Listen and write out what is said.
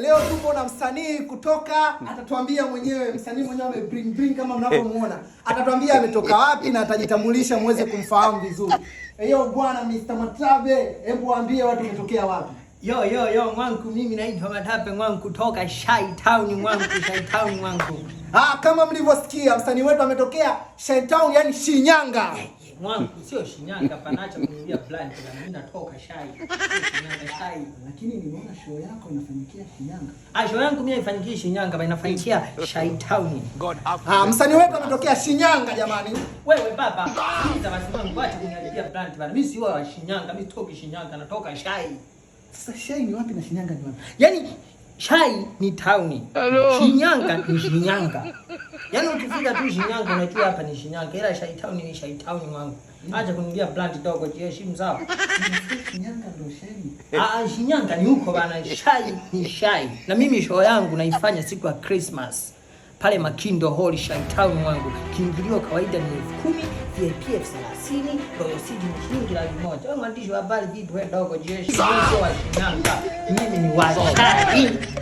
Leo tupo na msanii kutoka, atatuambia mwenyewe. Msanii mwenyewe ame bring bring kama mnavyomuona, atatuambia ametoka wapi na atajitambulisha muweze kumfahamu vizuri. Hiyo bwana Mr. Matabe, hebu waambie watu umetokea wapi? Yo yo yo, mwangu mimi naitwa Matabe, mwangu kutoka Shai Town, mwangu Shai Town, mwangu. Ah, kama mlivyosikia msanii wetu ametokea Shai Town, yani Shinyanga mwangu sio Shinyanga, panacha kuingia blind kwa mimi natoka shai. Shinyanga shai. Lakini nimeona show yako inafanyikia Shinyanga. Ah, show yangu mimi haifanyiki Shinyanga, bali inafanyikia Shai Town. God. Ah, msanii wetu ametokea Shinyanga jamani. Wewe baba, ah. sasa basi mwangu acha kuniharibia plan bana. Mimi sio wa Shinyanga, mimi sitoki Shinyanga, natoka shai. Sasa shai ni wapi na Shinyanga ni wapi? Yaani shai ni town. Shinyanga ni Shinyanga. Yaani ukifika tu Shinyanga unajua hapa ni Shinyanga, ila shaitauni ni shaitauni mwangu. Acha kunigia blunt dogo, jiheshimu sawa. Shinyanga ndio shai. Ah, ah, Shinyanga ni huko bana, shai ni shai. Na mimi show yangu naifanya siku ya Christmas pale Makindo Hall shaitown mwangu. Kiingilio kawaida ni 10,000, VIP elfu thelathini, Royal Seed ni shilingi laki moja. Wewe mwandishi wa habari vipi wewe dogo, jiheshimu wa Shinyanga. Mimi ni wa